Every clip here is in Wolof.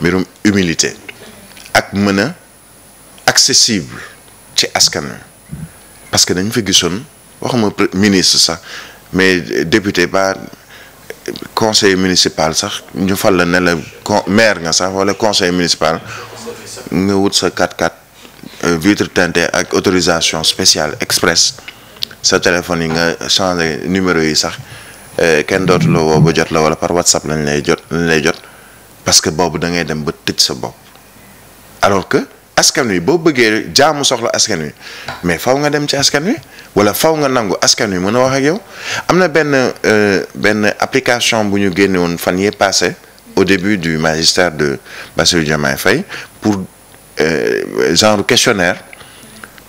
mbirum humilité ak mëna a accessible ci askan wi parce que dañu fi gisoon waxuma ministre sax mais député ba conseil municipal sax ñu fal la ne maire nga sax wala conseil municipal nga wut sa 4x4 euh, vitre teintée ak autorisation spéciale express sa téléphone yi nga changé numéro yi sax euh, kenn dootu la woo ba jot la wala par whatsapp lañ lay jot lañ lay jot parce que boobu da ngay dem ba tëj sa bopp alors que askan wi boo bëggee jaamu soxla askan wi mais faw nga dem ci askan wi wala faw nga nangu askan wi mën a wax ak yow am na benn euh, benn application bu ñu génne woon fan yëpp passé au début du magistère de Bassirou Diomaye Faye pour euh, genre questionnaire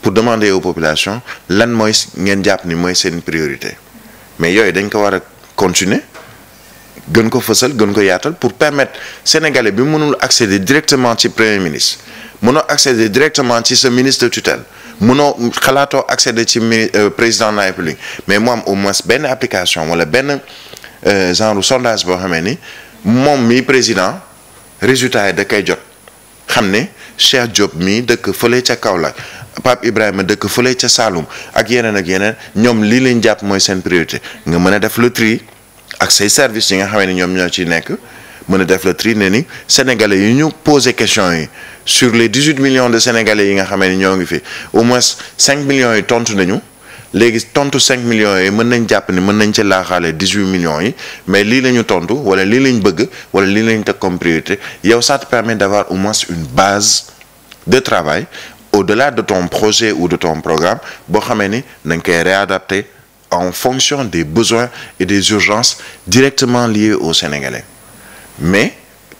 pour demander aux populations lan mooy ngeen jàpp ni mooy seen priorité mais yooyu dañ ko war a continuer gën ko fësal gën ko yaatal pour permettre sénégalais bi mënul accéder directement ci premier ministre mënoo accéder directement ci sa ministre de tutelle mënoo xalaatoo accéder ci mi euh, président de la mais mu au moins benn application wala benn euh, genre sondage boo xamee ni moom mii président résultat yi da koy jot xam ne Cheikh Diop mii dëkk fële ca Kaolack Pape Ibrahima dëkk fële ca Saloum ak yeneen ak yeneen ñoom lii lañ jàpp mooy seen priorité nga mën a def le tri ak say service yi nga xamee ni ñoom ñoo ci nekk mën a def le tri ne ni sénégalais yi ñu posé question yi sur les dix huit millions de sénégalais yi nga xamee ni ñoo ngi fi au moins cinq millions yi tontu nañu léegi tontu cinq millions yi mën nañ jàpp ni mën nañ ci laaxaale dix huit millions yi mais lii lañu tontu wala lii lañ bëgg wala lii lañ teg comme priorité yow ça te permet d'avoir au moins une base de travail au-delà de ton projet ou de ton programme boo xamee ni nañ koy réadapter en fonction des besoins et des urgences directement liées au Sénégalais. Mais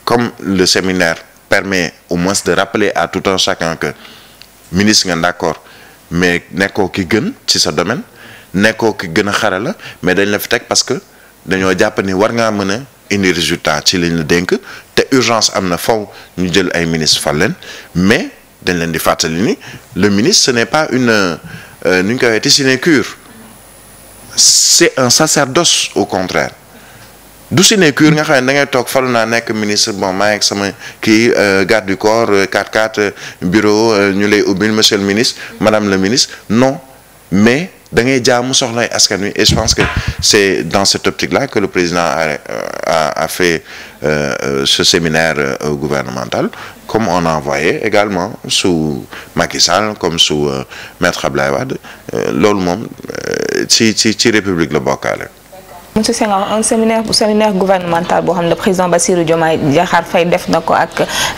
comme le séminaire permet au moins de rappeler à tout un chacun que ministre nga d'accord mais nekkoo ki gën ci sa domaine nekkoo ki gën a xarala mais dañ la fi teg parce que dañoo jàpp ni war ngaa mën a indi résultat ci liñ la dénk te urgence am na faw ñu jël ay ministre fal leen mais dañ leen di fàttali ni le ministre ce n'est pas une euh, nu ñu koy weeti sinécure c'est un sacerdoce au contraire du sinécure nga xam ne da ngay toog falu naa nekk ministre bon maa ngi sama kii euh, garde du corps 44 euh, euh, bureau ñu lay ubbil monsieur le ministre madame le ministre non mais da ngay jaamu soxlay askan wi et je pense que c'est dans cette optique-là que le président a a, a fait euh, ce séminaire gouvernemental comme on en voyait également sous Macky Sall comme sous euh, Maître Abdoulaye Wade loolu ci ci ci république la bokkaale. monsieur Senghor un séminaire gouvernemental boo xam ne président Bassirou Diomaye Diakhar Faye def na ko ak.